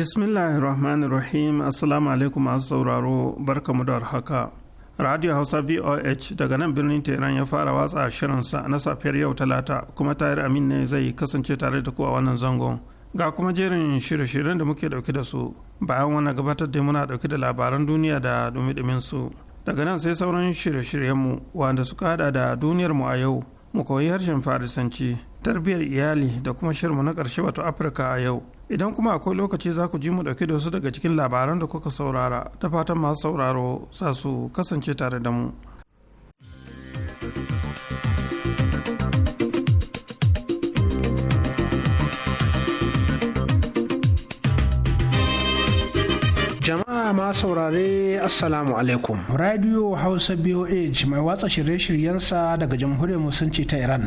Bismillahirrahmanirrahim Assalamu alaikum masu sauraro barkamu da haka. Radio Hausa VOH daga nan birnin Tehran ya fara watsa shirinsa na safiyar yau talata kuma tayar amin ne zai kasance tare da ku a wannan zangon. Ga kuma jerin shirye-shiryen da muke dauke da su bayan wani gabatar da muna dauke da labaran duniya da dumi su. Daga nan sai sauran shirye-shiryenmu wanda suka hada da duniyar mu a yau mu koyi harshen Farisanci, tarbiyyar iyali da kuma shirinmu na karshe wato Afirka a yau. idan kuma akwai lokaci za ku ji mu dauke da wasu daga cikin labaran da kuka saurara ta fatan masu sauraro sa su kasance tare da mu jama'a ma saurare assalamu alaikum radio hausa boh mai watsa shirye-shiryensa daga jamhuriyar musulunci ta iran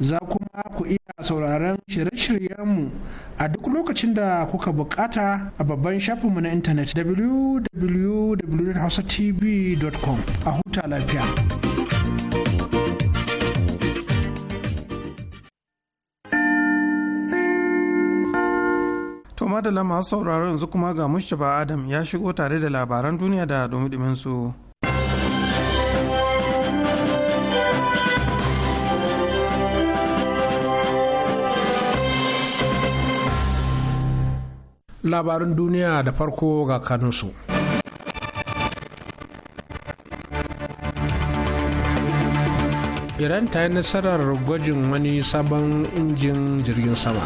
za kuma ku iya sauraron shirye-shiryenmu a duk lokacin da kuka bukata a babban shafinmu na intanet www.hausatv.com a huta lafiya. To madalla masu sauraron yanzu kuma ga Mustapha Adam ya shigo tare da labaran duniya da dumi su. labarin duniya da farko ga kanunsu. iran ta yi nasarar gwajin wani sabon injin jirgin sama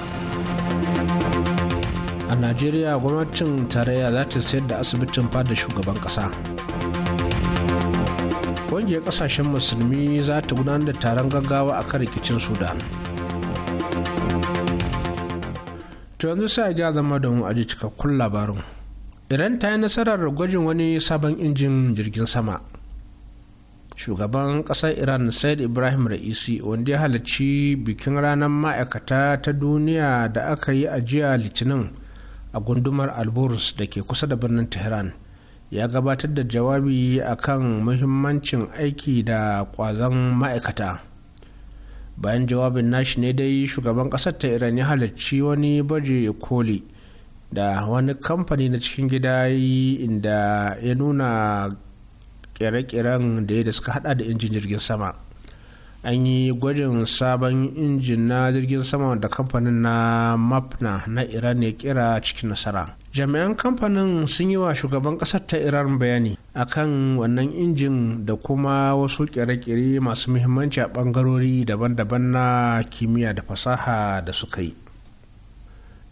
a najeriya gwamnatin tarayya za ta sayar da asibitin fada shugaban ƙasa. ƙungiyar ƙasashen musulmi za ta gudanar da taron gaggawa a kan rikicin sudan to yanzu sai ya zama da mu aji cikakkun labarin iran ta yi nasarar gwajin wani sabon injin jirgin sama shugaban ƙasar iran said ibrahim ra'isi wanda ya halarci bikin ranar ma'aikata ta duniya da aka yi a jiya litinin a gundumar alburs da ke kusa da birnin tehran ya gabatar da jawabi akan muhimmancin aiki da kwazon ma'aikata bayan jawabin nashi ne dai shugaban kasar ta iran ya halarci wani baje koli da wani kamfani na cikin gida inda ya nuna kere-keren da ya da suka hada da injin jirgin sama an yi gwajin sabon injin na jirgin sama da kamfanin na mapna na iran ya kira cikin nasara jami'an kamfanin sun yi wa shugaban kasar ta iran bayani akan wannan injin da kuma wasu kere-kere masu muhimmanci a bangarori daban-daban na kimiyya da fasaha da suka yi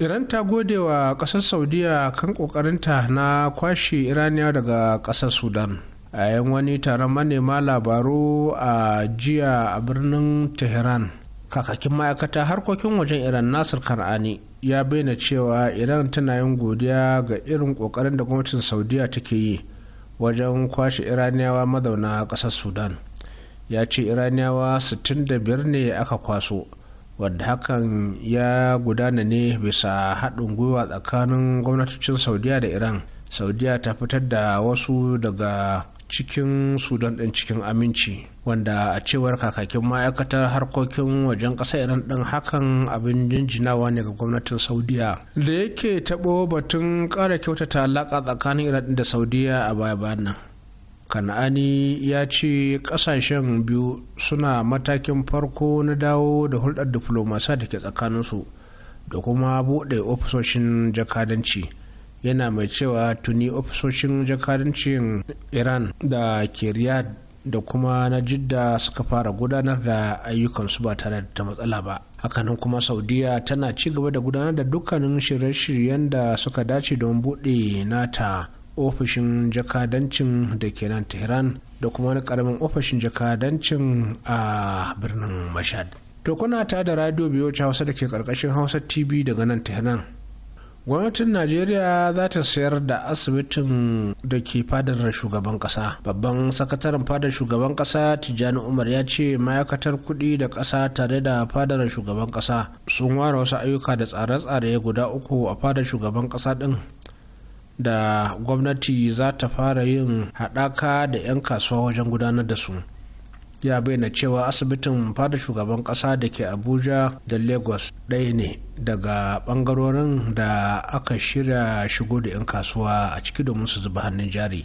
iran ta gode wa kasar saudiya kan kokarinta na kwashe iraniya daga kasar sudan a yan wani taron manema labaru a jiya a birnin tehran kakakin ma'aikata harkokin wajen iran nasir kar'ani. ya bayyana cewa iran tana yin godiya ga irin kokarin da gwamnatin saudiya take yi wajen kwashe iraniyawa mazauna ƙasar sudan ya ce iraniyawa biyar ne aka kwaso wadda hakan ya gudana ne bisa haɗin gwiwa tsakanin gwamnatocin saudiya da iran saudiya ta fitar da wasu daga cikin sudan ɗin cikin aminci wanda a cewar kakakin ma'aikatar harkokin wajen ƙasa iran ɗin hakan abin jinjinawa ne ga gwamnatin saudiya da yake taɓo batun ƙara kyautata alaƙa tsakanin iran da saudiya a baya-bayan nan kan'ani ya ce ƙasashen biyu suna matakin farko na dawo da hulɗar diflomasa da ke tsakaninsu da kuma buɗe ofisoshin jakadanci. yana mai cewa tuni ofisoshin jakadancin iran da ke riyadh da kuma na jidda suka fara gudanar da ayyukansu ba tare da matsala ba hakanan kuma saudiya tana ci gaba da gudanar da dukkanin shirye-shiryen da suka dace don buɗe nata ofishin jakadancin da ke nan tehran da kuma na karamin ofishin jakadancin a birnin mashad to kuna da radio biyu hausa da ke karkashin hausa tv daga nan tehran gwamnatin najeriya za ta sayar da asibitin da ke fadar shugaban kasa babban sakataren fadar shugaban kasa tijjani umar ya ce ma'aikatar kudi da kasa tare da fadar shugaban kasa sun ware wasu ayyuka da tsare-tsare guda uku a fadar shugaban kasa din da gwamnati za ta fara yin haɗaka da 'yan kasuwa wajen gudanar da su ya bayyana cewa asibitin fada shugaban kasa da ke abuja da lagos ɗaya ne daga ɓangarorin da aka shirya shigo da 'yan kasuwa a ciki domin su zuba hannun jari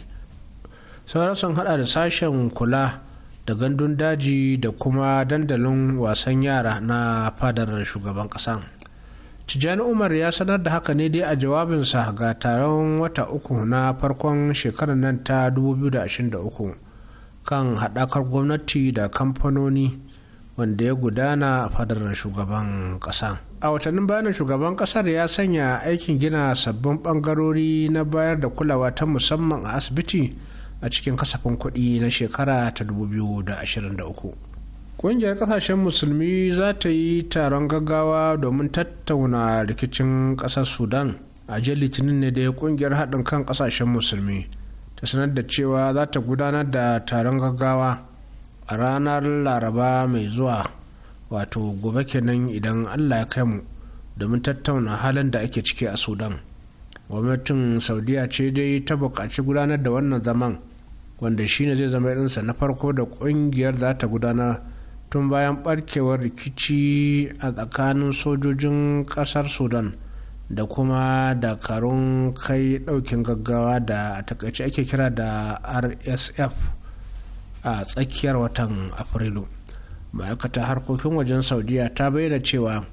sauran sun hada da sashen kula da gandun daji da kuma dandalin wasan yara na fadar shugaban ƙasa tijjani umar ya sanar da haka ne dai a jawabinsa ga taron wata uku na farkon shekarar nan ta 2023 kan haɗakar gwamnati da kamfanoni wanda ya gudana a fadar shugaban ƙasa. A watannin bayanin shugaban ƙasar ya sanya aikin gina sabbin ɓangarori na bayar da kulawa ta musamman a asibiti a cikin kasafin kuɗi na shekara ta 2023. Ƙungiyar ƙasashen musulmi za ta yi taron gaggawa domin tattauna rikicin ƙasar Sudan a litinin ne da ƙungiyar haɗin kan ƙasashen musulmi. ta sanar da cewa za ta gudanar da taron gaggawa a ranar laraba mai zuwa wato gobe kenan idan allah ya kai mu domin tattauna halin da ake ciki a sudan gwamnatin saudiya ce dai ta buƙaci gudanar da wannan zaman wanda shine zai zama irinsa na farko da ƙungiyar za ta gudanar tun bayan barkewar rikici a tsakanin sojojin ƙasar sudan da kuma dakarun kai daukin gaggawa da a takaice ake kira da rsf a tsakiyar watan afrilu ma'aikatar harkokin wajen saudiya ta bayyana cewa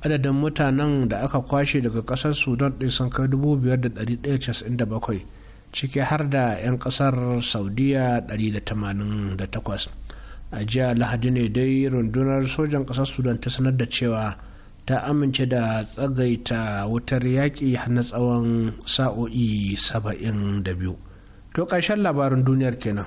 adadin mutanen da aka kwashe daga kasar sudan ɗin sun kai 5,197 ciki har da 'yan kasar saudiya 188 a jiya lahadi ne dai rundunar sojan kasar sudan ta sanar da cewa ta amince da tsagaita wutar yaƙi na tsawon sa'o'i saba'in da biyu to ƙarshen labarin duniyar kenan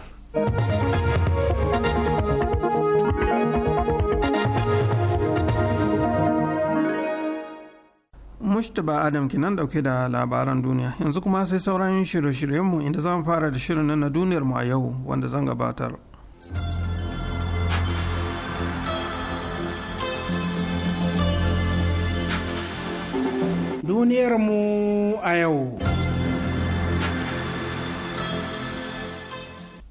mustaba Adam kenan dauke da labaran duniya yanzu kuma sai sauran shirye-shiryenmu inda zan fara da shirin na duniyar mu a yau wanda zan gabatar. Duniyarmu a yau.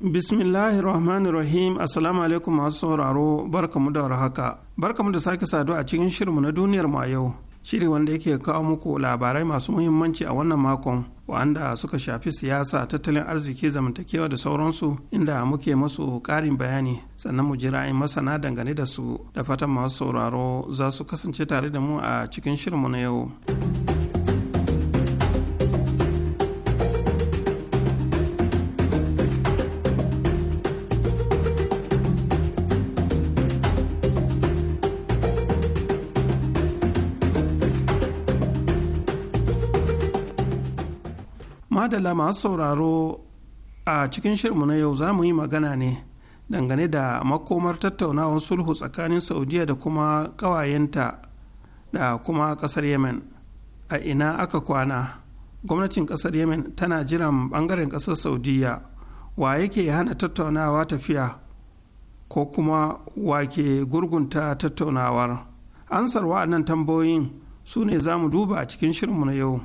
Bismillahir Rahmanir Rahim Assalamu alaikum masu sauraro barkamu da warhaka. Barkamu da sake saduwa a cikin shirinmu na duniyar mu a yau. Shiri wanda yake kawo muku labarai masu muhimmanci a wannan makon wanda suka shafi siyasa tattalin arziki zamantakewa da sauransu inda muke masu ƙarin bayani sannan mu jira in masana dangane da su da fatan masu sauraro za su kasance tare da mu a cikin shirinmu na yau. madalla masu sauraro a cikin shirmu na yau za mu yi magana ne dangane da makomar tattaunawar sulhu tsakanin saudiya da kuma ƙawayenta da kuma ƙasar yemen a ina aka kwana gwamnatin ƙasar yemen tana jiran ɓangaren ƙasar saudiya wa yake hana tattaunawa tafiya ko kuma wa ke gurgunta tattaunawar ansar wa'annan tambayoyin su ne za mu duba a cikin shirinmu na yau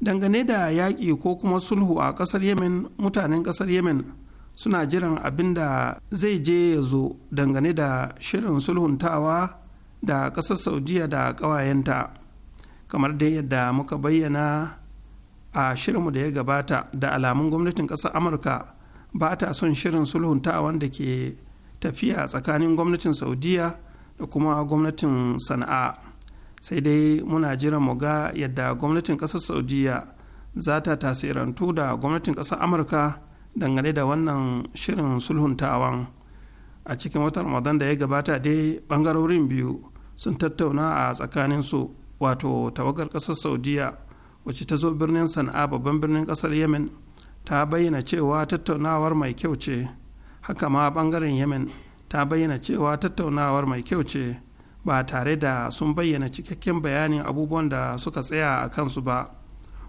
dangane da yaƙi ko kuma sulhu a ƙasar yemen mutanen ƙasar yemen suna jiran abin da zai je ya zo dangane da shirin sulhuntawa da ƙasar saudiya da ƙawayenta kamar dai yadda muka bayyana a shirinmu da ya gabata da alamun gwamnatin ƙasar amurka ba ta son shirin sulhuntawa da ke tafiya tsakanin gwamnatin saudiya da kuma gwamnatin sana'a sai dai muna jira mu ga yadda gwamnatin ƙasar saudiya za ta tasirantu da gwamnatin ƙasar amurka dangane da wannan shirin sulhuntawan a cikin watan ramadan da ya gabata dai ɓangarorin biyu sun tattauna a tsakanin su wato tawagar ƙasar saudiya wacce ta zo birnin sana'a babban birnin ƙasar yemen ta bayyana cewa tattaunawar mai kyau ce haka ma bangaren yemen ta bayyana cewa tattaunawar mai kyau ce ba tare da sun bayyana cikakken bayanin abubuwan da suka tsaya a kansu ba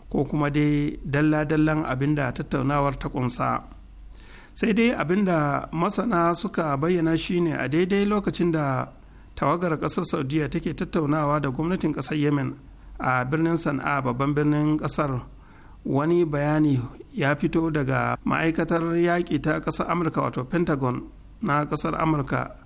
ko kuma dai dalla-dallan abin da tattaunawar ta kunsa sai dai abin da masana suka bayyana shine a daidai lokacin da tawagar ƙasar saudiya take tattaunawa da gwamnatin kasar yemen a birnin sana'a babban birnin kasar wani bayani ya fito daga ma'aikatar yaƙi ta ƙasar amurka wato pentagon na ƙasar amurka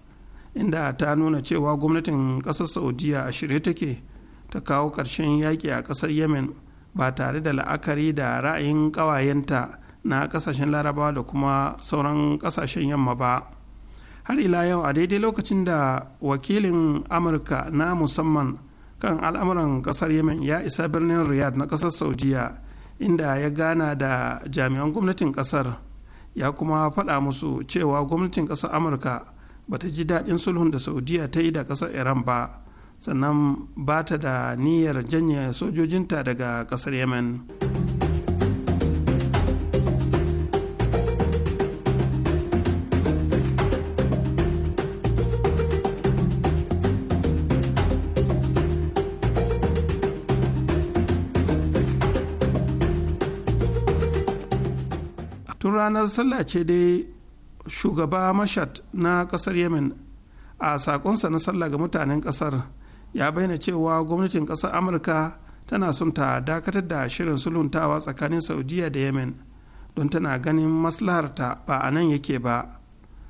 inda ta nuna cewa gwamnatin ƙasar saudiya a shirye take ta kawo ƙarshen yaƙi a ƙasar yemen ba tare da la'akari da ra'ayin ƙawayenta na ƙasashen larabawa da kuma sauran ƙasashen yamma ba har ila yau a daidai lokacin da wakilin amurka na musamman kan al'amuran ƙasar yemen ya isa birnin riyadh na ƙasar saudiya inda ya gana da jami'an gwamnatin ƙasar ya kuma faɗa musu cewa gwamnatin ƙasar amurka Ba ta ji daɗin sulhun da saudiya ta yi da ƙasar iran ba sannan ba ta da niyyar janye sojojinta daga ƙasar yemen tun ranar sallah ce dai shugaba mashat na kasar yemen a sakonsa na sallah ga mutanen kasar ya bayyana cewa gwamnatin kasar amurka tana son ta dakatar da shirin suluntawa tsakanin saudiya da yemen don tana ganin maslaharta ba a nan yake ba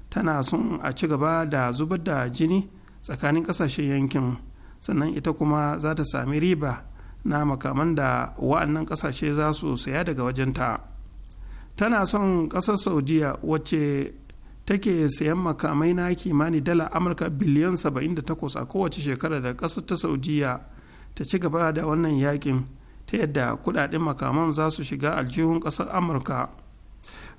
tana son a ci gaba da zubar da jini tsakanin kasashen yankin sannan ita kuma za ta sami riba na makaman da wa'annan kasashe za su saya daga wajenta tana son kasar saudiya wacce take sayan makamai na kimani dala amurka biliyan 78 a kowace shekara da ƙasar ta saudiya ta ci gaba da wannan yakin ta yadda kudaden makaman za su shiga aljihun ƙasar amurka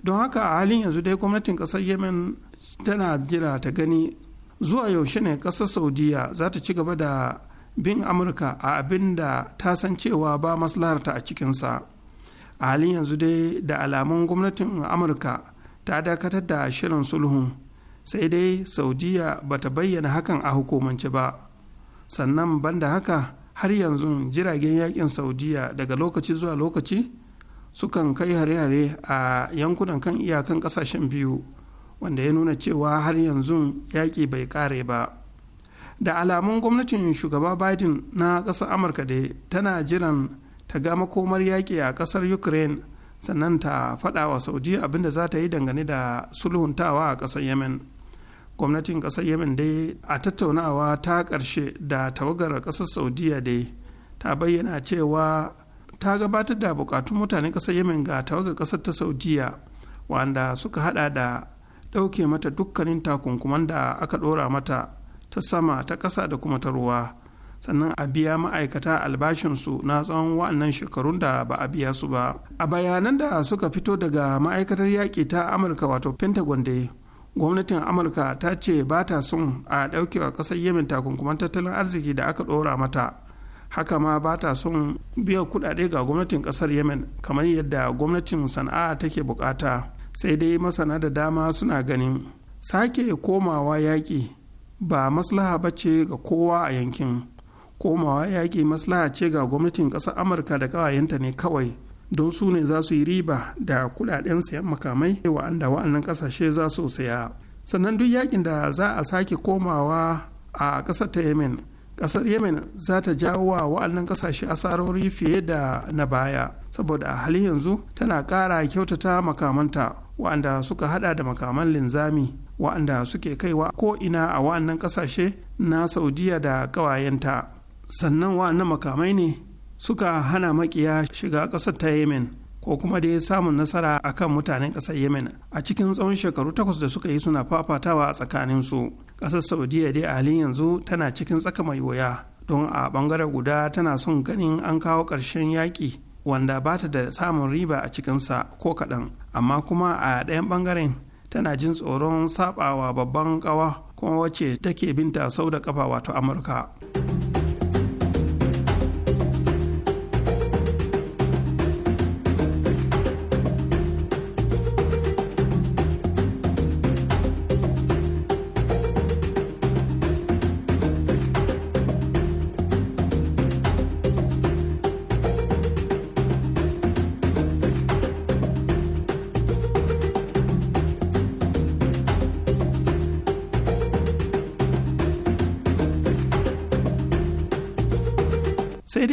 don haka a halin yanzu dai gwamnatin ƙasar yemen tana jira ta gani zuwa yaushe ne ƙasar saudiya za ta ci gaba da bin amurka a abin da ta san cewa ba maslaharta a cikinsa a halin yanzu dai da alamun gwamnatin amurka ta dakatar da shirin sulhun sai dai saudiya ba ta bayyana hakan a hukumance ba sannan banda haka har yanzu jiragen yakin saudiya daga lokaci zuwa lokaci sukan kai hare-hare a yankunan kan iyakan kasashen biyu wanda ya nuna cewa har yanzu yaƙi bai ƙare ba da alamun gwamnatin shugaba biden na ƙasar amurka dai tana jiran ta gama komar yaƙi a ƙasar ukraine sannan ta faɗa wa saudi abinda za ta yi dangane da sulhuntawa a ƙasar yemen gwamnatin ƙasar yemen dai a tattaunawa ta ƙarshe da tawagar ƙasar saudiya dai ta bayyana cewa ta gabatar da buƙatun mutane ƙasar yemen ga tawagar ƙasar ta saudiya wanda suka hada da ɗauke mata dukkanin takunkuman da aka ɗora mata ta sama ta ƙasa da kuma ta ruwa sannan a biya ma'aikata albashinsu na tsawon wa'annan shekarun da ba a biya su ba a bayanan da suka fito daga ma'aikatar yaƙi ta amurka wato pentagon dai gwamnatin amurka ta ce ba ta son a ɗauke ɗaukewa ƙasar yemen takunkuman tattalin arziki da aka ɗora mata haka ma ba ta son biya kuɗaɗe ga gwamnatin ƙasar yemen kamar yadda gwamnatin sana'a take buƙata sai dai masana da dama suna ganin sake komawa yaƙi ba maslaha ba ce ga kowa a yankin komawa yaƙi maslaha ce ga gwamnatin ƙasar amurka da ƙawayenta ne kawai don su ne za su yi riba da kuɗaɗen sayan makamai wa'anda wa'annan ƙasashe za su saya sannan duk yaƙin da za a sake komawa a ƙasar ta yemen ƙasar yemen za ta jawo wa wa'annan ƙasashe asarori fiye da na baya saboda a halin yanzu tana ƙara kyautata makamanta wa'anda suka hada da makaman linzami wa'anda suke kaiwa ko ina a wa'annan ƙasashe na saudiya da ƙawayenta sannan na makamai ne suka hana makiya shiga ƙasar ta yemen ko kuma dai samun nasara a kan mutanen ƙasar yemen a cikin tsawon shekaru takwas da suka yi suna fafatawa a tsakaninsu ƙasar saudiya dai a halin yanzu tana cikin tsaka mai wuya don a ɓangare guda tana son ganin an kawo ƙarshen yaƙi wanda ba ta da samun riba a cikinsa ko kaɗan amma kuma a ɗayan ɓangaren tana jin tsoron saɓawa babban ƙawa kuma wacce take binta sau da ƙafa wato amurka.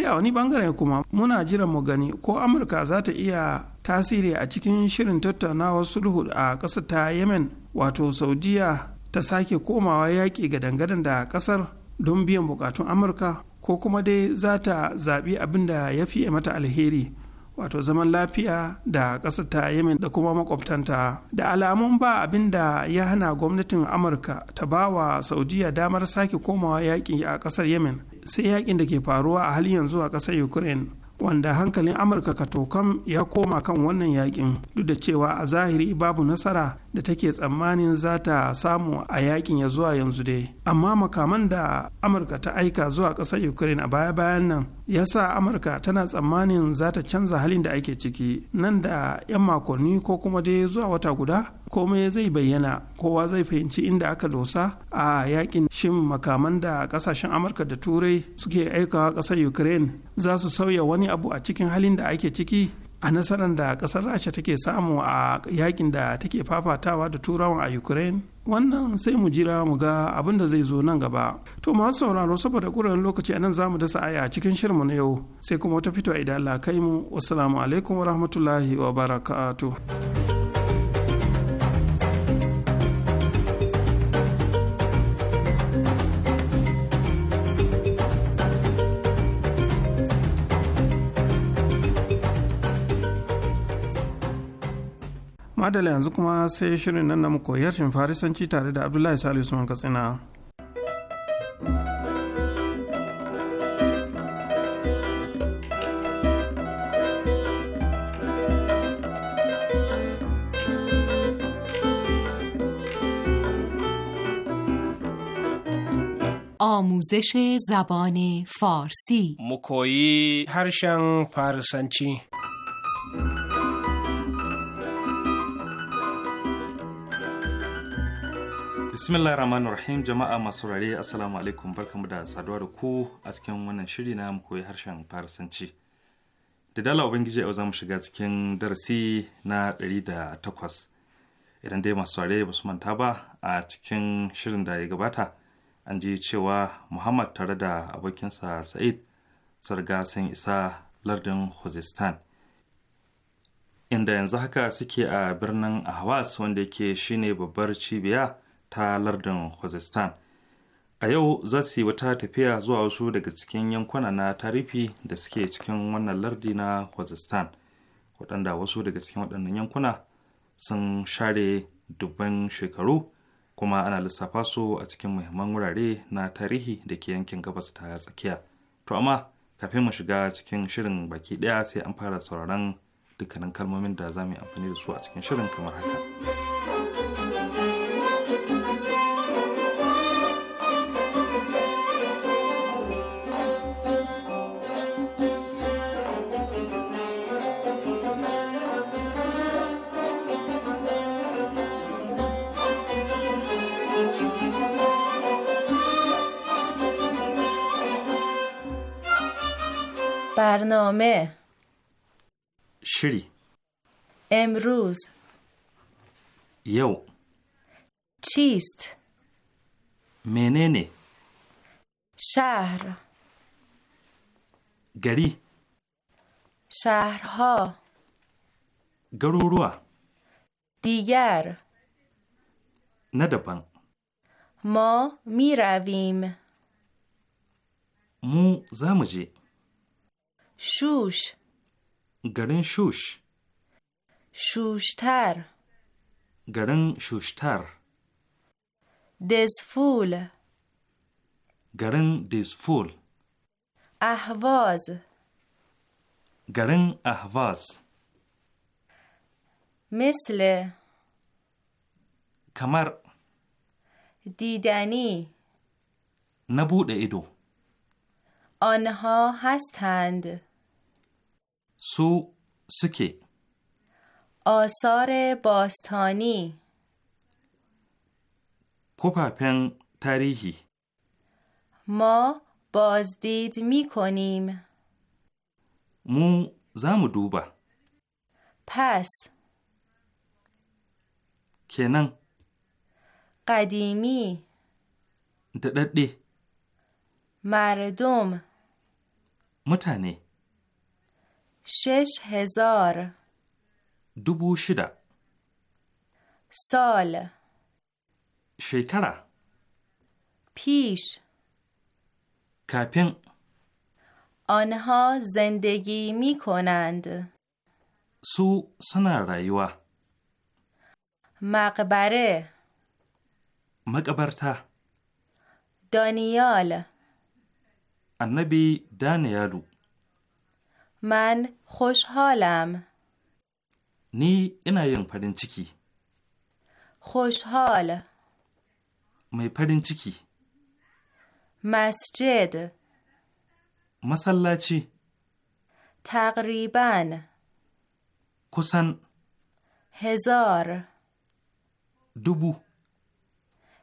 a wani bangaren kuma muna jiran mu gani ko amurka za ta iya tasiri a cikin shirin tattaunawar sulhu a ƙasar ta yemen wato saudiya ta sake komawa yaƙi ga dangadan da ƙasar don biyan buƙatun amurka ko kuma dai za ta zaɓi abin da ya fiye mata alheri wato zaman lafiya da ƙasar ta yemen da kuma makwabtanta da alamun ba abin da ya hana gwamnatin amurka ta ba wa saudiya damar sake komawa yaƙi a ƙasar yemen sai yakin da ke faruwa a hali yanzu a ƙasar ukraine wanda hankalin amurka tokam ya koma kan wannan yakin duk da cewa a zahiri babu nasara da take tsammanin za ta samu a yakin ya zuwa yanzu dai amma makaman da amurka ta aika zuwa ƙasar ukraine a baya-bayan nan ya sa amurka tana tsammanin za ta canza halin da ake ciki nan da 'yan makonni ko kuma dai zuwa wata guda komai zai bayyana kowa zai fahimci inda aka dosa a yakin shin makaman da kasashen amurka da turai suke aikawa ƙasar ukraine za su sauya wani abu a cikin halin da ake ciki a nasarar da kasar rasha take samu a yakin da take fafatawa da turawan a ukraine wannan sai mu jira mu ga abin da zai zo nan gaba to masu sauraro saboda ƙuran lokaci anan zamu dasa aya a cikin shirmu na yau sai kuma wata fito idan Allah kai mu wassalamu alaikum wa rahmatullahi wa barakatuh madala yanzu kuma sai shirin nan na koyi harshen farisanci tare da abdullahi salisu man katsina آموزش زبان فارسی مکویی هرشن فارسنچی Bismillah Rahman Rahim jama'a masu rare Assalamu alaikum barkamu da saduwa da ku a cikin wannan shiri na mu koyi harshen Farisanci. Da dala Ubangiji yau za mu shiga cikin darasi na ɗari da takwas Idan dai masu rare ba su manta ba a cikin shirin da ya gabata an ji cewa Muhammad tare da abokinsa Sa'id su riga sun isa lardin Khuzestan. Inda yanzu haka suke a birnin Ahwas wanda yake shine babbar cibiya ta lardin Khuzestan. A yau za su yi wata tafiya zuwa wasu daga cikin yankuna na tarifi da suke cikin wannan lardi na Khuzestan, waɗanda wasu daga cikin waɗannan yankuna sun share dubban shekaru kuma ana lissafa su a cikin muhimman wurare na tarihi da ke yankin gabas ta tsakiya. To amma kafin mu shiga cikin shirin baki ɗaya sai an fara sauraron dukkanin kalmomin da za mu yi amfani da su a cikin shirin kamar haka. برنامه شری امروز یو چیست مننه شهر گری شهرها گرورو دیگر ندبن ما می رویم مو زمجی شوش گرن شوش شوشتر گرن شوشتر دزفول گرن دزفول احواز گرن احواز مثل کمر دیدنی نبود ایدو آنها هستند سو سکی آثار باستانی کپاپن تاریخی ما بازدید می کنیم مو زم دوبا پس کنن قدیمی دردی مردم متنه شش هزار دوبو شده سال شیکره پیش کپین آنها زندگی می کنند سو سنا مقبره مقبرتا دانیال النبی دانیالو من خوشحالم نی اینا ین پرین چیکی خوشحال می پرین چیکی مسجد مسلاچی تقریبا کسن هزار دوبو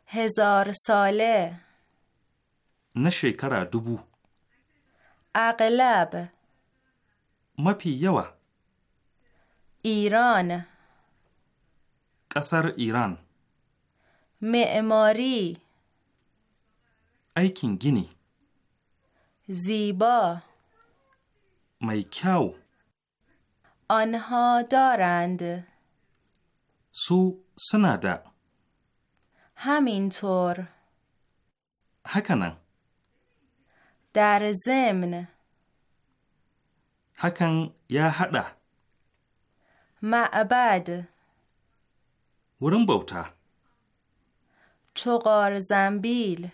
هزار ساله na shekara dubu. Aglab مفی یوا ایران قصر ایران معماری ایکن گینی زیبا میکاو آنها دارند سو سنادا همینطور هکنن در ضمن hakan ya haɗa ma'abad wurin bauta chogar zambil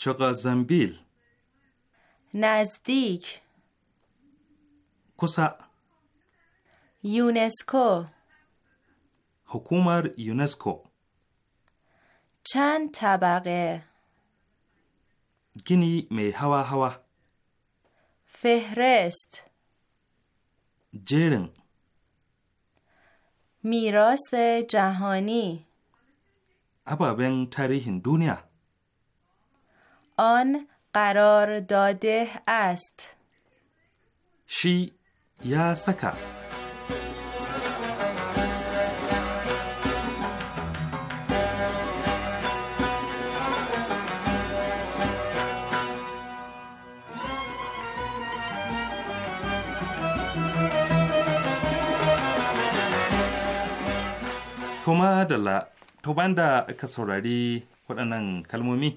chogar zambil nazdik kusa unesco hukumar unesco چند طبقه Gini mai hawa-hawa. فهرست جرن میراس جهانی ابابن تاریخ دنیا آن قرار داده است شی یا سکه Kuma da la to da aka saurari waɗannan kalmomi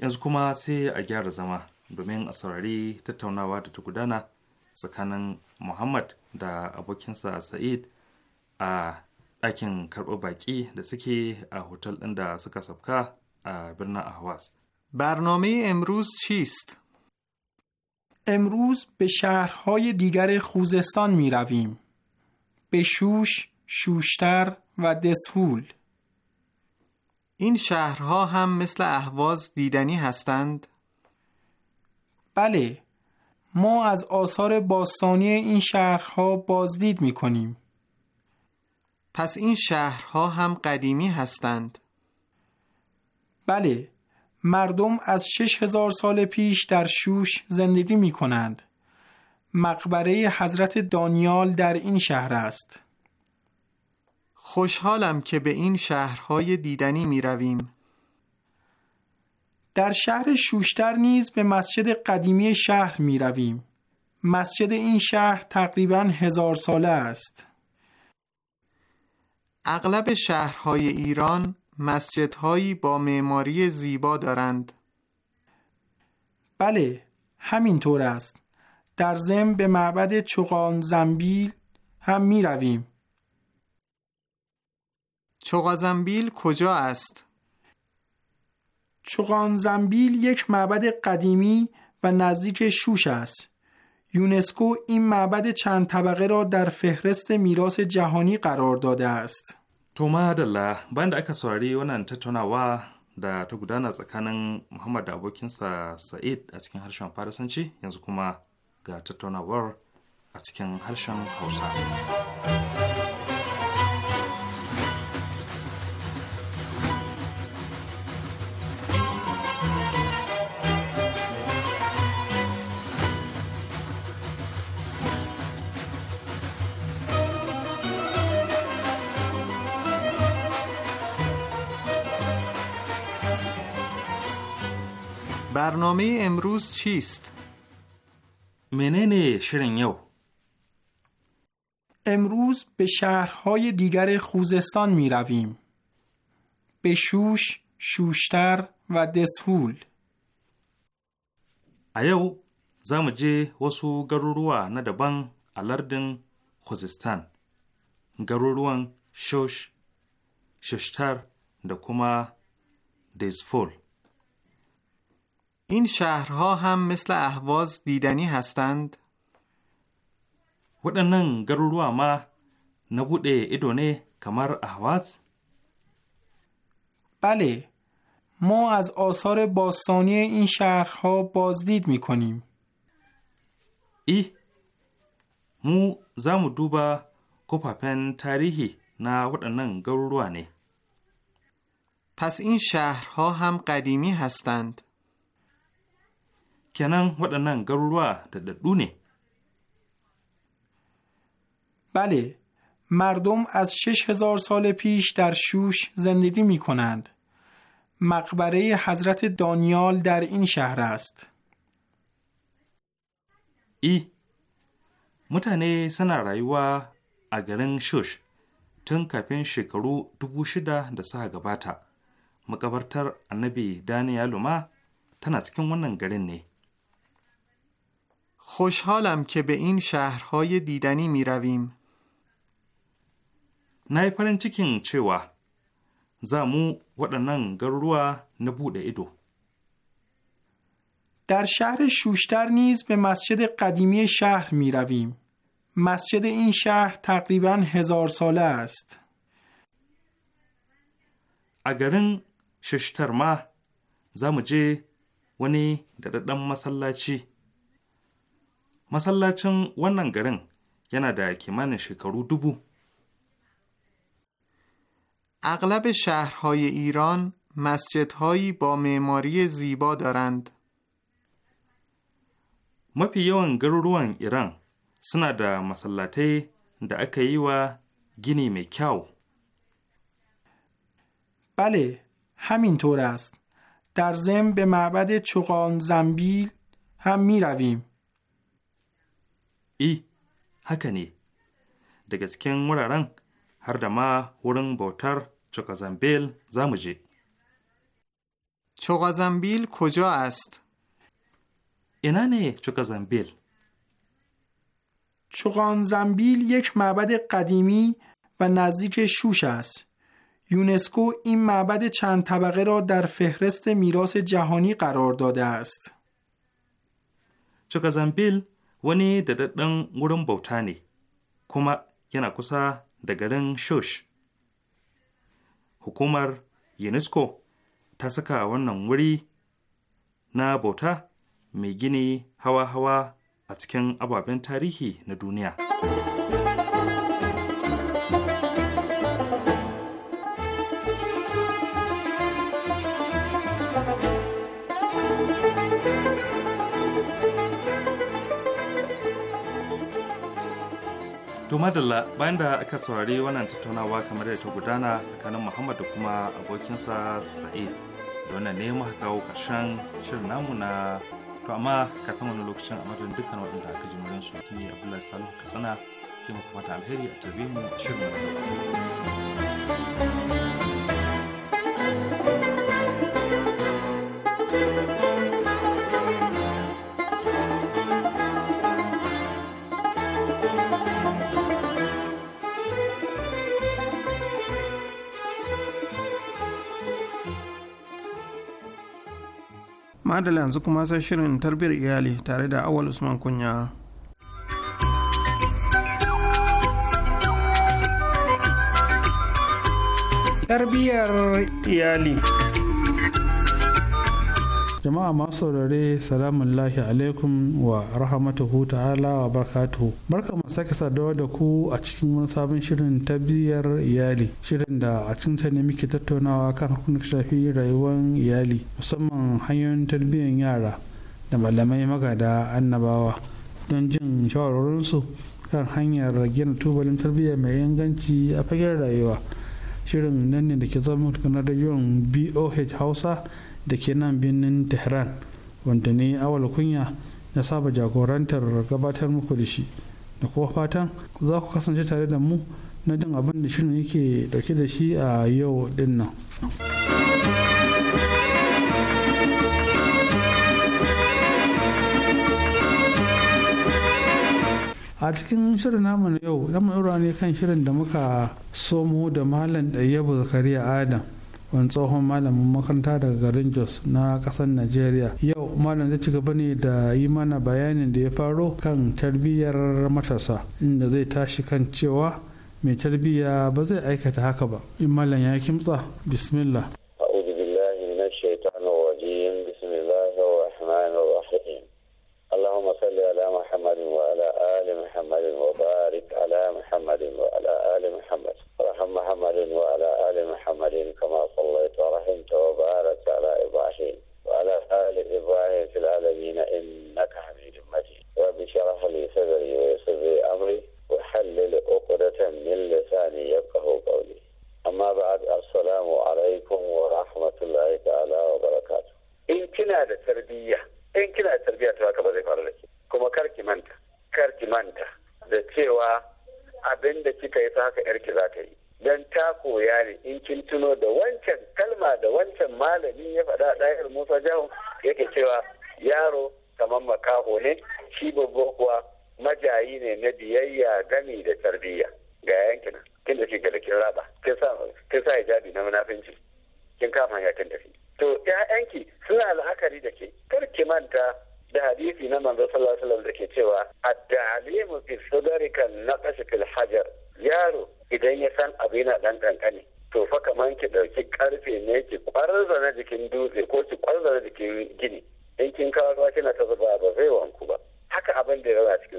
yanzu kuma sai a gyara zama domin a saurari tattaunawa da ta gudana tsakanin Muhammad da abokinsa Sa'id a ɗakin karɓar baƙi da suke a hotel ɗin da suka sabka a birnin Ahwas. برنامه امروز چیست؟ امروز به شهرهای دیگر خوزستان می رویم. به شوش، شوشتر، و دسفول این شهرها هم مثل اهواز دیدنی هستند؟ بله ما از آثار باستانی این شهرها بازدید می کنیم پس این شهرها هم قدیمی هستند؟ بله مردم از شش هزار سال پیش در شوش زندگی می کنند مقبره حضرت دانیال در این شهر است خوشحالم که به این شهرهای دیدنی می رویم. در شهر شوشتر نیز به مسجد قدیمی شهر می رویم. مسجد این شهر تقریبا هزار ساله است. اغلب شهرهای ایران مسجدهایی با معماری زیبا دارند. بله، همینطور است. در زم به معبد چوغان زنبیل هم می رویم. چوغازنبیل کجا است؟ یک معبد قدیمی و نزدیک شوش است. یونسکو این معبد چند طبقه را در فهرست میراث جهانی قرار داده است. تو الله بند اکا سواری و ننتتونا و دا تو گدان از اکانن محمد دابوکین سا سعید از کن هرشان پارسنچی ینزو کما گا از کن برنامه امروز چیست؟ منن شرنگو امروز به شهرهای دیگر خوزستان می رویم. به شوش، شوشتر و دسفول. ایو زمجه وسو گروروا ندبان الاردن خوزستان. گروروان شوش، شوشتر و دسفول. این شهرها هم مثل اهواز دیدنی هستند؟ ودنن garuruwa ma نبوده ایدونه کمر اهواز؟ بله ما از آثار باستانی این شهرها بازدید می کنیم. ای مو زامو دوبا کپاپن تاریخی نا ودنن garuruwa پس این شهرها هم قدیمی هستند. kenan waɗannan garuruwa da ɗaɗɗu ne bale mardom az 6ز00 sal dar shush zndgi miknand makbaray haضrat doniel dr in shahr ast mutane suna rayuwa a garin shush tun kafin shekaru 6 da suka gabata mukabartar annabi daniyaluma ma tana cikin wannan garin ne خوشحالم که به این شهرهای دیدنی می رویم. نای پرین چه ودنن نبوده ایدو در شهر شوشتر نیز به مسجد قدیمی شهر می رویم. مسجد این شهر تقریبا هزار ساله است. اگرین ششتر ماه زامو جه ونی دم مسلاچی masallacin wannan garin yana da kimanin shekaru dubu. اغلب شهرهای ایران مسجدهایی با معماری زیبا دارند. ما پیوان گروروان ایران سنا دا مسلطه دا اکایی و گینی میکاو. بله همین طور است. در زم به معبد چوغان زنبیل هم می رویم. I, haka ne daga cikin wuraren har da ma wurin bautar chokazambil za mu je chokazambil kujo ast? ina ne chokazambil Chokazambil یک معبد قدیمی و نزدیک شوش است. یونسکو این معبد چند طبقه را در فهرست میراث جهانی قرار داده است. چوغانزنبیل wani daɗaɗɗen wurin bauta ne kuma yana kusa da garin Shush. Hukumar UNESCO ta saka wannan wuri na bauta mai gini hawa-hawa a cikin ababen tarihi na duniya. madalla bayan da aka saurari wannan tattaunawa kamar da ta gudana tsakanin Muhammad da kuma abokinsa Sa'id. Da wannan ne muka kawo shirin namu na to amma kafin wani lokacin a madadin dukkan waɗanda aka ji murin su ki Abdullahi Salihu Katsina ke muku alheri a tarbe mu shirin na madala yanzu kuma sai shirin tarbiyyar iyali tare da awal usman kunya tarbiyyar iyali jama'a masu saurare salamun lahi alaikum wa rahmatuhu ta'ala wa barkatu barka mu sake saduwa da ku a cikin wani sabon shirin tabiyar iyali shirin da a cikin sa ne muke tattaunawa kan hukunin shafi rayuwar iyali musamman hanyoyin tarbiyyar yara da malamai magada annabawa don jin shawarorinsu kan hanyar gina tubalin tarbiyya mai inganci a fagen rayuwa shirin nan ne da ke zama na rayuwar boh hausa da ke nan birnin tehran wanda ne awal kunya na saba jagorantar gabatar muku da shi da kuma fatan za ku kasance tare da mu na jin abin da shirin yake dauke da shi a yau din nan a cikin shirin namu na yau na ne kan shirin da muka somo da malam zakari zakariya adam wani tsohon malamin makaranta daga garin jos na kasar nigeria yau malam zai ci gaba ne da yi mana bayanin da ya faro kan tarbiyyar matasa inda zai tashi kan cewa mai tarbiyya ba zai aikata haka ba in malam ya kimtsa bismillah do. That's good.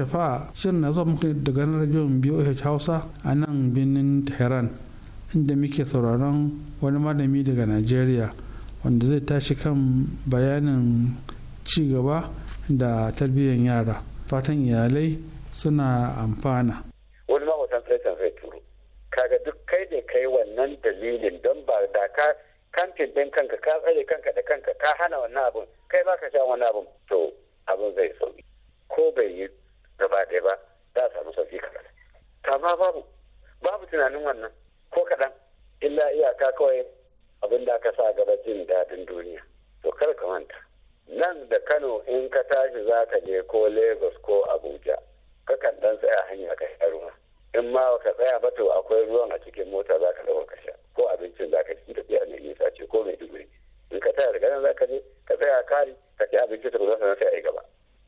shafa'a shirin na zo muku daga nan rajon boh hausa a nan birnin tehran inda muke sauraron wani malami daga nigeria wanda zai tashi kan bayanin ci gaba da tarbiyyar yara fatan iyalai suna amfana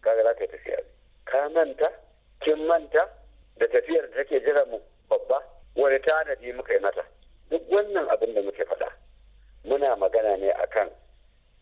kaga za ta tafiya ka manta kin manta da tafiyar da take jira mu babba wani tanadi muka yi mata duk wannan abin da muke faɗa muna magana ne akan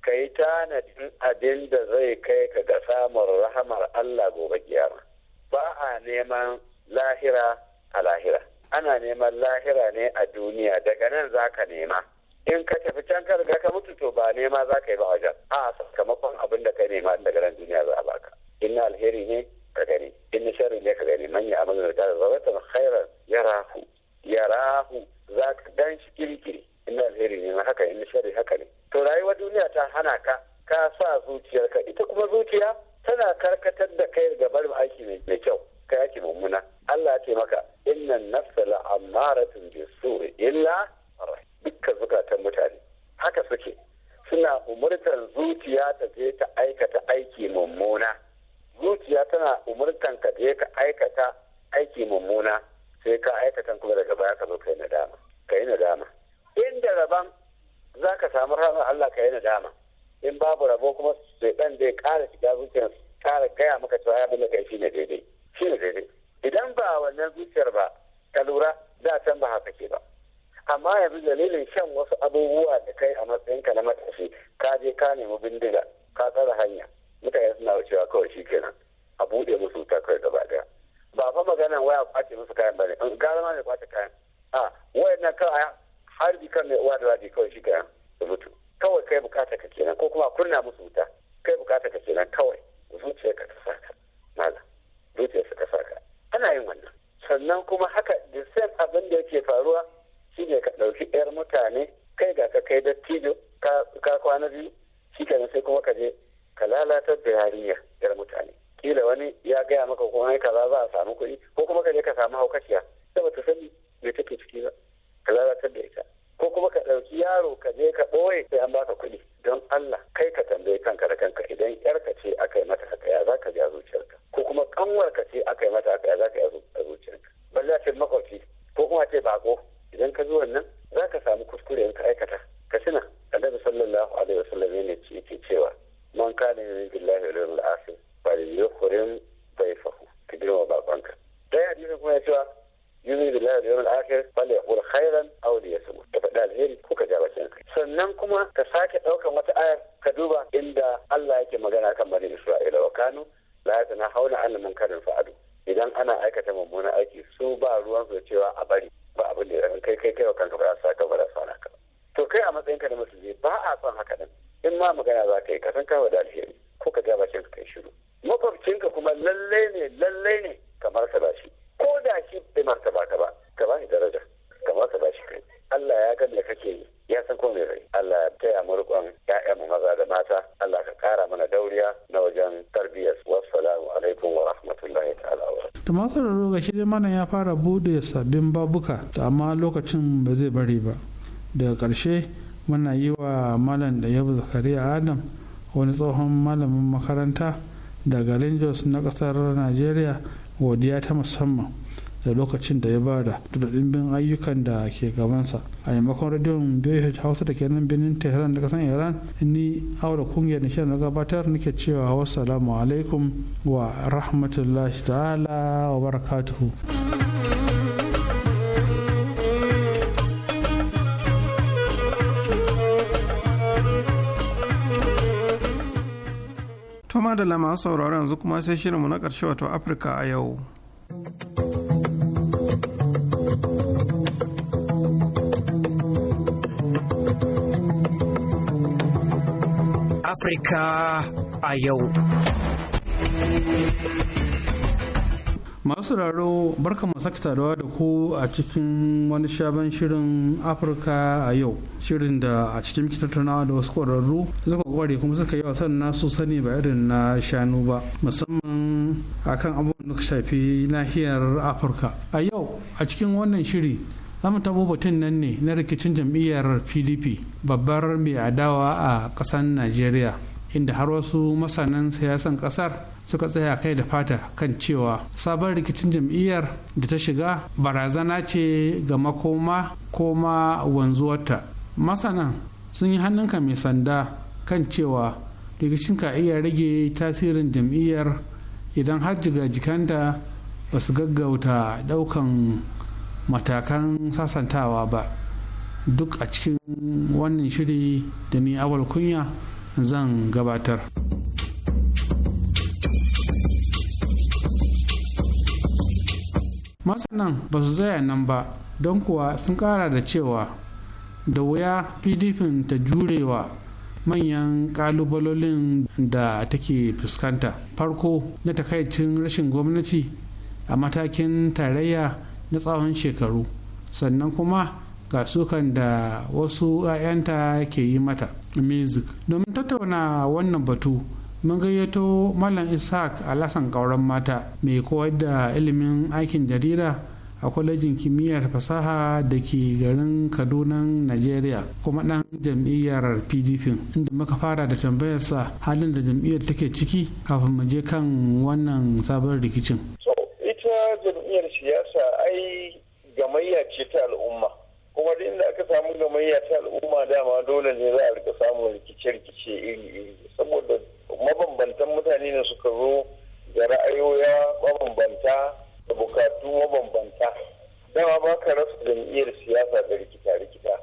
ka yi tanadin abin da zai kai ka ga samun rahamar Allah gobe kiyama ba a neman lahira a lahira ana neman lahira ne a duniya daga nan za ka nema in ka tafi can ka riga ka mutu to ba nema za ka yi ba wajen a sakamakon abin da ka nema daga garan duniya za a baka in na alheri ne ka gani in na sharri ne ka gani manya a amalin da khairar zaratan khairan yarahu yarahu za ka dan shi kirkiri in na alheri ne na haka in na sharri haka ne to rayuwar duniya ta hana ka ka sa zuciyarka ita kuma zuciya tana karkatar da kai ga barin aiki mai kyau kai aiki mummuna Allah ya ce maka innan nafsa la'amaratun bisu'i illa rahim dukkan zukatan mutane haka suke suna umurtar zuciya ta je ta aikata aiki mummuna zuciya tana umurtan ka je ka aikata aiki mummuna sai ka aikatan kuma daga baya ka zo kai nadama dama nadama inda rabon za ka samu ranar Allah ka yi nadama in babu rabo kuma sai dan zai kara shiga zuciyar kara gaya maka cewa ya bin da kai shine daidai shine daidai idan ba wannan zuciyar ba ka lura da can ba haka ke ba amma yanzu dalilin shan wasu abubuwa da kai a matsayinka na matashi ka je ka nemi bindiga ka tsara hanya mutane suna wucewa kawai shi kenan a buɗe musu wuta kai gaba ɗaya ba fa magana waya kwace musu kayan bane in gara ma ne kwace kayan a wayan nan kawai harbi kan mai uwa da waje kawai shi kayan da mutu kawai kai bukata ka kenan ko kuma kunna musu wuta kai bukata ka kenan kawai zuciya ka ta saka mala zuciya ka ta saka ana yin wannan sannan kuma haka the same abin da yake faruwa shi ne ka ɗauki 'yar mutane kai ga ka kai dattijo ka kwana biyu shi kenan sai kuma ka je ka lalatar da yarinya 'yar mutane kila wani ya gaya maka ko ai kaza za a samu kuɗi ko kuma ka je ka samu haukaciya ba bata sani me take ciki ba ka lalatar da ita ko kuma ka ɗauki yaro ka je ka ɓoye sai an baka kuɗi don Allah kai ka tambayi kanka da kanka idan yarka ce aka yi mata haka ya za ka a zuciyarka ko kuma ƙanwarka ce aka yi mata haka ya za ka a zuciyarka balle ce makwabci ko kuma ce bako idan ka zo wannan za ka samu kuskure in ka aikata ka tuna annabi sallallahu alaihi wasallam yana yake cewa man kana yu'minu billahi wal yawmil akhir yukhrim dayfahu girma babanka dai kuma ya cewa billahi wal yawmil akhir yaqul khairan aw liyasmut ka faɗa alheri ko ka sannan kuma ka sake ɗaukan wata ayar ka duba inda Allah yake magana kan bani Isra'ila wa kanu la hauna an man kana fa'adu idan ana aikata mummunan aiki su ba ruwan su cewa a bari ba abin da ya kai kai kai wa kanka ba sa su saka ba ka to kai a matsayin ka na musulmi ba a son haka nan in ma magana za ka yi ka san kawo da alheri ko ka ga bakin ka kai shiru makwabcinka kuma lallai ne lallai ne ka martaba shi ko da shi bai ba ka ba ka ba shi daraja ka bashi shi kai Allah ya ga me kake yi ya san ko mai rai Allah ta yi mu rikon mu maza da mata Allah ka kara mana dauriya na wajen tarbiyyar wassalamu alaikum wa rahmatullahi ta'ala wa da roga shi mana ya fara bude sabbin babuka da amma lokacin ba zai bari ba daga ƙarshe muna yi wa malam da yabu a adam wani tsohon malamin makaranta daga rangers na ƙasar najeriya godiya ta musamman da lokacin da ya bada da ɗimbin ayyukan da ke gabansa a yammakon radiyon biyu hausa da ke nan birnin tehran da kasan iran ni aure kungiyar nishan na gabatar nake cewa wassalamu alaikum wa rahmatullahi ta'ala wa barakatuhu Toma da lama sauraron yanzu kuma sai shirinmu na ƙarshe wato Afirka a yau. Afirka a yau. Masu raro barka sake taruwa da ku a cikin wani shaban shirin Afirka a yau. Shirin da a cikin tattaunawa da wasu ƙwararru suka ƙware kuma suka yi wasan nasu sani ba irin na shanu ba musamman akan abubuwan da shafi nahiyar Afirka. A yau a cikin wannan shiri zama batun nan ne na rikicin jam'iyyar pdp babbar mai adawa a ƙasar najeriya inda har wasu masanan siyasan ƙasar suka tsaya kai da fata kan cewa sabon rikicin jam'iyyar da ta shiga barazana ce ga makoma koma wanzuwarta masanan sun yi hannunka mai sanda kan cewa rikicin ka iya rage tasirin jam'iyyar idan har jiga jikanta ba su gaggauta daukan matakan sasantawa ba duk a cikin wannan shiri da ni awal kunya zan gabatar masanan ba su nan ba don kuwa sun kara da cewa da wuya pdp ta jurewa manyan kalubalolin da take fuskanta farko na takaicin rashin gwamnati a matakin tarayya na tsawon shekaru sannan kuma ga sukan da wasu 'ya'yanta ke yi mata music domin tattauna wannan batu mun gayyato malam ishaq alasan kauran mata mai koyar da ilimin aikin jarida a kwalejin kimiyyar fasaha da ke garin kaduna nigeria kuma dan jam'iyyar pdp inda muka fara da tambayarsa halin da jam'iyyar take ciki kafin mu je kan wannan sabon rikicin ita jam'iyyar siyasa ai gamayya ce ta al'umma kuma duk inda aka samu gamayya ta al'umma dama dole ne za a rika samun rikice-rikice iri-iri saboda mabambantan mutane ne suka zo da ra'ayoya mabambanta da bukatu mabambanta dama ba ka rasa jam'iyyar siyasa da rikita-rikita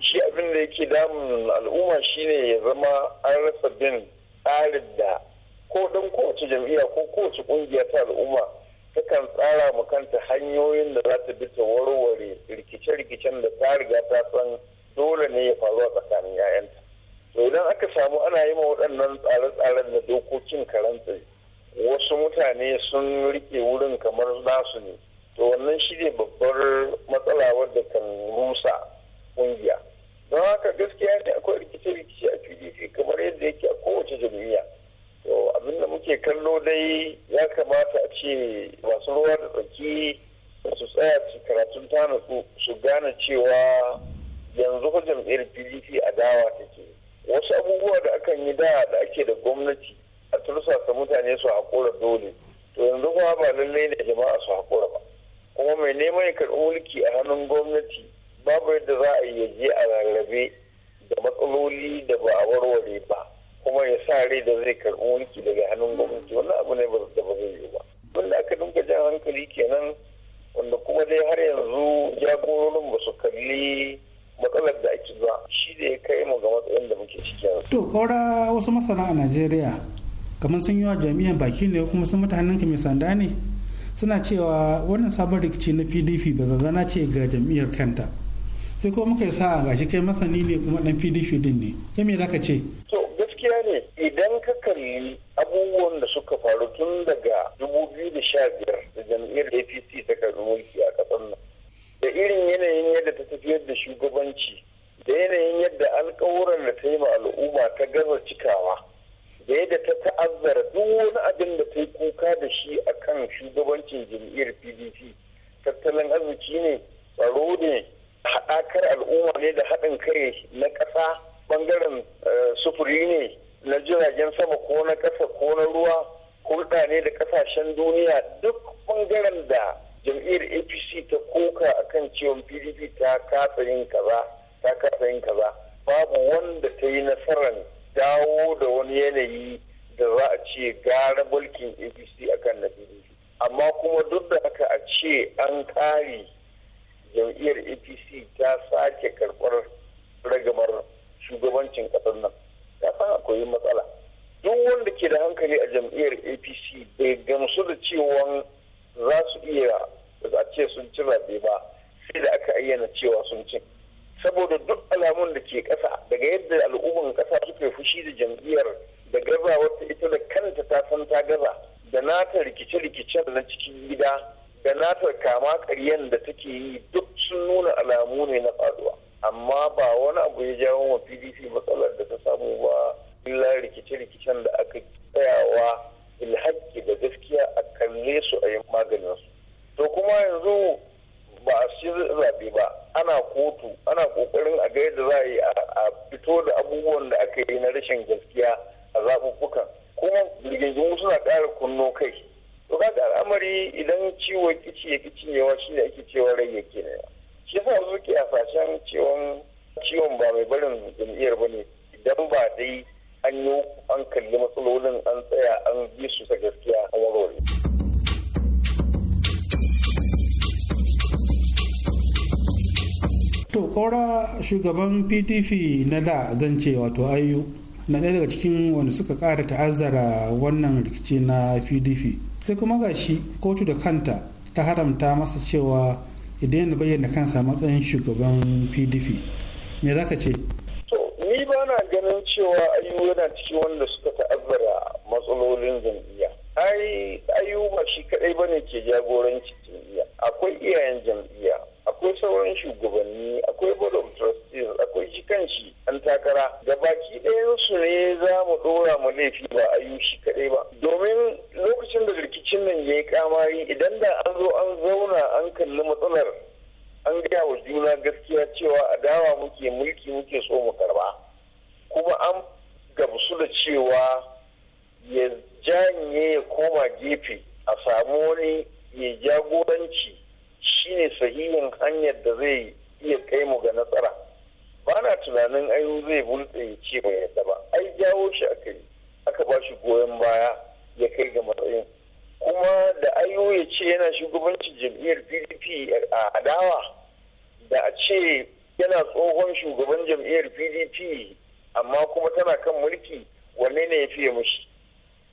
shi abin da yake damun al'umma shine ya zama an rasa bin tsarin da ko don kowace jam'iyya ko kowace ƙungiya ta al'umma takan tsara mu kanta hanyoyin da za ta bi ta warware rikice-rikicen da ta riga ta san dole ne ya faru a tsakanin 'ya'yanta to idan aka samu ana yi ma waɗannan tsare-tsaren da dokokin karanta wasu mutane sun rike wurin kamar nasu ne to wannan shi ne babbar matsala wadda kan rusa ƙungiya don haka gaskiya ne akwai rikice-rikice a pdp kamar yadda yake a kowace jam'iyya abin da muke kallo dai ya kamata a ce masu ruwa da tsaki su tsaya su karatun tana su gane cewa yanzu hujjar jam'iyyar pdp a dawa take wasu abubuwa da akan yi da da ake da gwamnati a tursasa mutane su haƙura dole to yanzu kuma ba lallai ne jama'a su haƙura ba kuma mai neman ya mulki a hannun gwamnati babu yadda za a yi je a rarrabe da matsaloli da ba a warware ba kuma ya sa rai da zai karɓi wanki daga hannun gwamnati wannan abu ne da ba zai yi ba wanda aka dinga jan hankali kenan wanda kuma dai har yanzu jagororin ba su kalli matsalar da ake ba shi da ya kai mu ga matsayin da muke ciki yanzu. to kora wasu masana a najeriya kamar sun yi wa jami'an baki ne kuma sun mata hannunka mai sanda ne suna cewa wannan sabon rikici na pdp ba zazzana ce ga jam'iyyar kanta sai kuma muka yi sa'a gashi kai masani ne kuma dan pdp din ne ya me ka ce to yi abubuwan da suka faru tun daga 2015 da jam'iyyar apc ta karbi mulki a ƙasar nan da irin yanayin yadda ta tafiyar da shugabanci da yanayin yadda alkawuran da ta yi ma al'umma ta gaza cikawa da yadda ta ta'azzara duk wani abin da ta yi kuka da shi a kan shugabancin jam'iyyar pdp tattalin arziki ne tsaro ne haɗakar al'umma ne da haɗin kai na ƙasa ɓangaren eh, sufuri ne na jiragen sama ko na ƙasa ko na ruwa hulɗa ne da ƙasashen duniya duk ɓangaren da jam'iyyar apc ta koka kan ciwon pdp ta kasa yin kaza ta kasa yin kaza babu wanda ta yi nasarar dawo da wani yanayi da za a ce gara mulkin apc a kan na pdp amma kuma duk da haka a ce an kare jam'iyyar apc ta sake karɓar ragamar shugabancin ƙasar nan san akwai matsala duk wanda ke da hankali a jam'iyyar apc bai gamsu da cewa za su iya a ce sun ci zaɓe ba sai da aka ayyana cewa sun ci saboda duk alamun da ke ƙasa daga yadda al'umman ƙasa suka fushi da jam'iyyar da gazawar ta ita da kanta ta san ta gaza da nata rikice-rikicen na cikin gida da nata kama karyan da take yi duk sun nuna alamu ne na faduwa amma ba wani abu ya jawo wa pdp matsalar da samu ba illa rikice-rikicen da aka tsayawa ilhaƙi da gaskiya a kalle su a yi maganin su to kuma yanzu ba a shi zaɓe ba ana kotu ana ƙoƙarin a gaida za a yi a fito da abubuwan da aka yi na rashin gaskiya a zaɓuɓɓukan kuma rigingimu suna ƙara kunno kai to ka al'amari idan ciwo kici ya kici yawa shi ne ake cewa rai yake ne shi yasa a hasashen ciwon ciwon ba mai barin jam'iyyar ba ne idan ba dai an yi an kalli matsalolin an tsaya an bi su ta gaskiya a warware. To kora shugaban PDP na da zan ce wato ayu na ɗaya daga cikin wanda suka ƙara ta'azzara wannan rikici na PDP. Sai kuma gashi kotu da kanta ta haramta masa cewa idan bayyana kansa matsayin shugaban PDP. Me za ka ce? ba na ganin cewa ayyuna yana cikin wanda suka ta'azzara matsalolin jam'iyya ai shi kadai bane ke jagoranci jam'iyya akwai iyayen jam'iyya akwai sauran shugabanni akwai board of trustees akwai shi kanshi an takara da baki ɗayansu ne za mu ɗora mu laifi ba ayyu shi kadai ba domin lokacin da rikicin nan ya yi kamari idan da an zo an zauna an kalli matsalar an gaya wa juna gaskiya cewa a adawa muke mulki muke so mu karba kuma an gamsu da cewa ya janye ya koma gefe a samu wani ya jagoranci shine sahihin hanyar da zai iya kai mu ga nasara ba na tunanin ayo zai bulɗe ya ce bai yadda ba ai jawo shi aka yi aka ba shi goyon baya ya kai ga matsayin kuma da ayo ya ce yana shugabanci jam'iyyar pdp a adawa da a ce yana tsohon shugaban jam'iyyar pdp amma kuma tana kan mulki wanne ne ya fiye mushi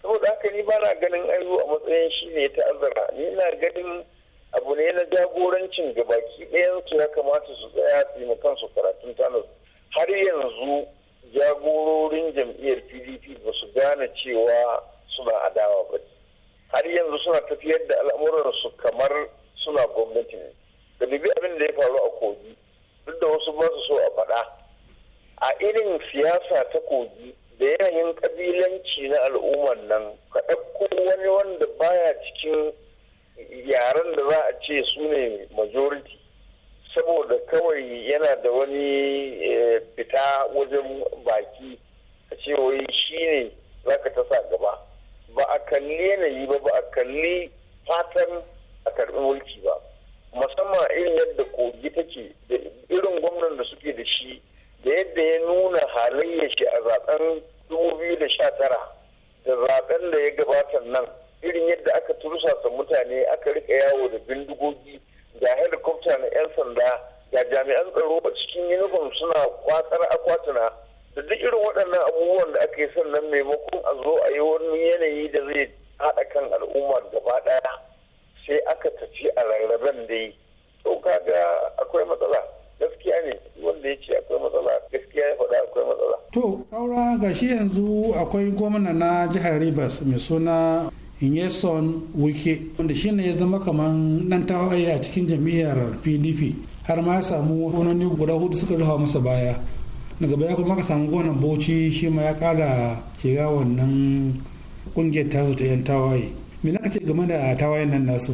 saboda haka ni ba na ganin ayu a matsayin shi ne ta azara ni na ganin abu ne na jagorancin ga gabaki su ya kamata su tsaya su yi su karatun tanas har yanzu jagororin jam'iyyar pdp ba su gane cewa suna adawa ba har yanzu suna tafiyar da al'amuran su kamar suna gwamnati ne da abin da ya faru a kogi duk da wasu ba su so a faɗa a irin siyasa ta kogi da yanayin kabilanci na al'ummar nan ka ɗauko wani wanda baya cikin yaren da za a ce su ne majority saboda kawai yana da wani eh, fita wajen baki a ce wai shi ne za ka ta gaba ba a kalli yanayi ba ba a kalli fatan a karɓi mulki ba musamman irin yadda kogi take da irin gwamnan da suke da shi da yadda ya nuna halayya shi a zaben 2019 da zaben da ya gabata nan irin yadda aka tursasa mutane aka rika yawo da bindigogi ga helikofta na 'yan sanda ga jami'an tsaro a cikin yunifom suna kwatsar akwatuna da duk irin waɗannan abubuwan da aka yi sannan maimakon a zo a yi wani yanayi da zai haɗa kan al'umma gaba ɗaya sai aka tafi a rarraben dai to kaga akwai matsala gaskiya ne wanda ya ce akwai matsala gaskiya ya faɗa akwai matsala. to saura ga shi yanzu akwai gwamna na jihar rivers mai suna nyeson Wike wanda shi ne ya zama kamar ɗan tawaye a cikin jam'iyyar PDP har ma ya samu wani guda hudu suka rufa masa baya daga baya kuma aka samu gonan Bauchi shi ma ya kara shiga wannan kungiyar tasu ta 'yan tawaye me na ka ce game da tawayen nan nasu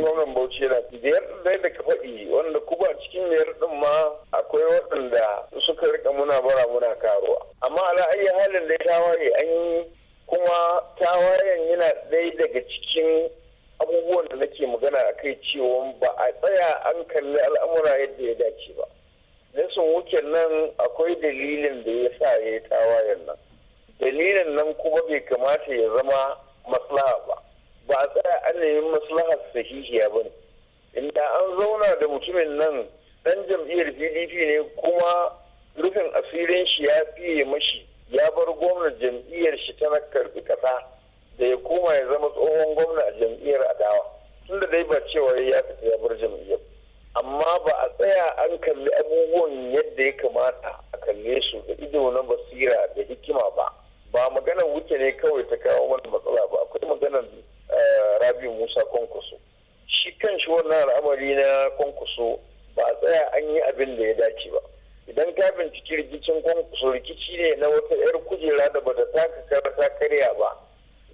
matsayin bauchi yana biyar dai da ka faɗi wanda kuma cikin biyar din ma akwai waɗanda suka rika muna bara muna karuwa amma ala ayi halin da tawaye an yi kuma tawayen yana dai daga cikin abubuwan da nake magana a kai cewa ba a tsaya an kalli al'amura yadda ya dace ba nisan wukin nan akwai dalilin da ya sa ya yi tawayen nan dalilin nan kuma bai kamata ya zama maslaha ba ba a tsaya an nemi maslahar sahihiya ba ne inda an zauna da mutumin nan dan jam'iyyar pdp ne kuma rufin asirin shi ya fiye mashi ya bar gwamnan jam'iyyar shi ta na karbi kasa da ya koma ya zama tsohon gwamna a jam'iyyar adawa tunda dai ba cewa ya fita ya bar jam'iyyar amma ba a tsaya an kalli abubuwan yadda ya kamata a kalle su da ido na basira da hikima ba ba maganar wuce ne kawai ta kawo mana matsala ba akwai maganar Eh, rabin musa kwankwaso shi kan shi wannan al'amari na kwankwaso ba a tsaya an yi abin da ya dace ba idan ka binciki rikicin kwankwaso rikici ne na wata 'yar kujera da bata taka kara karya ba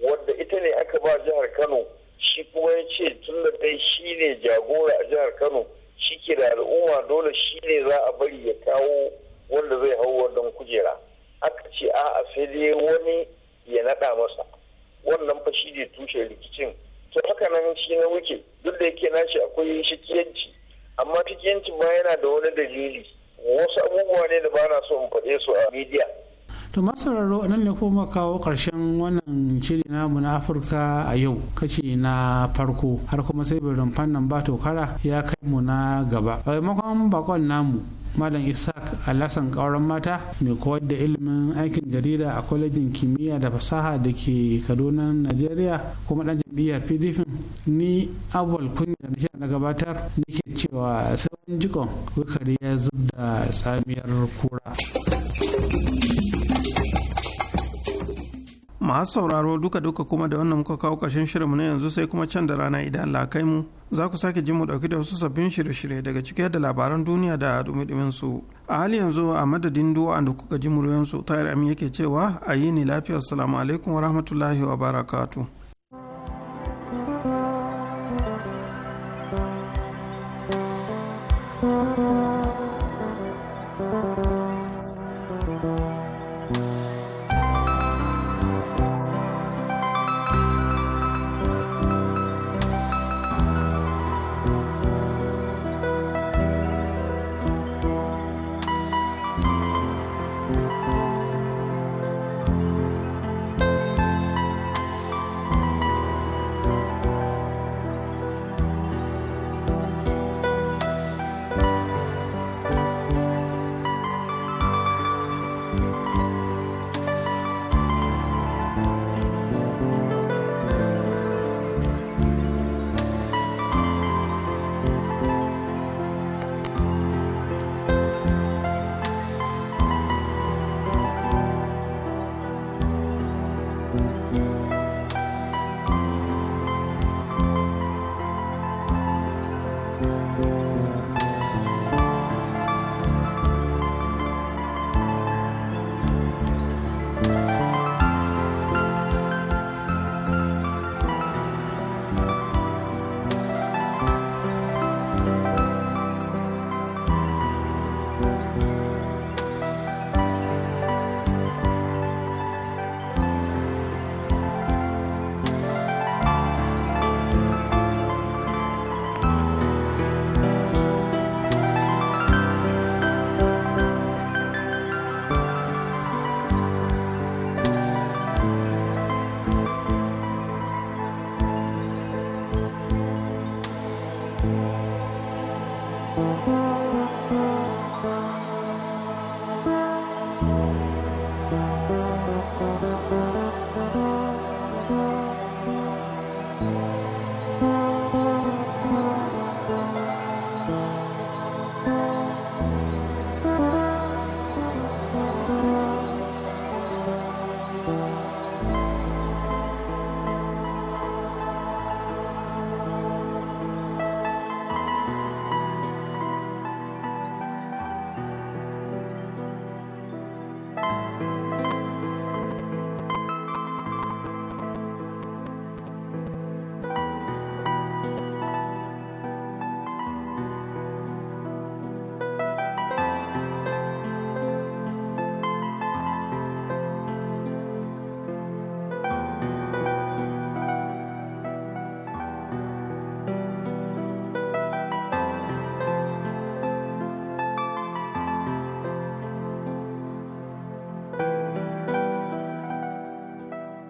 wadda ita ne aka ba jihar kano shi kuma ya ce tun da dai shi ne jagora a jihar kano shi ke da al'umma dole shi ne za a bari ya kawo wanda zai hau wannan kujera aka ce a'a sai dai wani ya naɗa masa wannan fa shi ne tushe rikicin to haka nan shi na wuce duk da yake nashi akwai shikiyanci amma shikiyancin ma yana da wani dalili wasu abubuwa ne da ba na so in faɗe su a media to masararo nan ne kuma kawo karshen wannan shiri namu na afirka a yau kashi na farko har kuma sai bai rumfan nan ba tokara ya kai mu na gaba a maimakon bakon namu malam isaac alasan ƙauren mata mai koyar da ilimin aikin jarida a kwalejin kimiyya da fasaha da ke kaduna nigeria kuma ɗan jam'iyyar pdp ni abuwal kunya da na gabatar nake cewa sabon jikon wikari ya zub da tsamiyar kura masu sauraro duka-duka kuma da wannan muka kawo ƙarshen shirinmu na yanzu sai kuma can da rana idan Allah mu za ku sake jin mu ɗauki da wasu sabbin shirye-shirye daga cike da labaran duniya da dumi su a hali yanzu a madadin duwa da kuka ji ruwan su tayar amin yake cewa a yi ni lafiyar salamu alaikum wa rahmatullahi wa barakatu.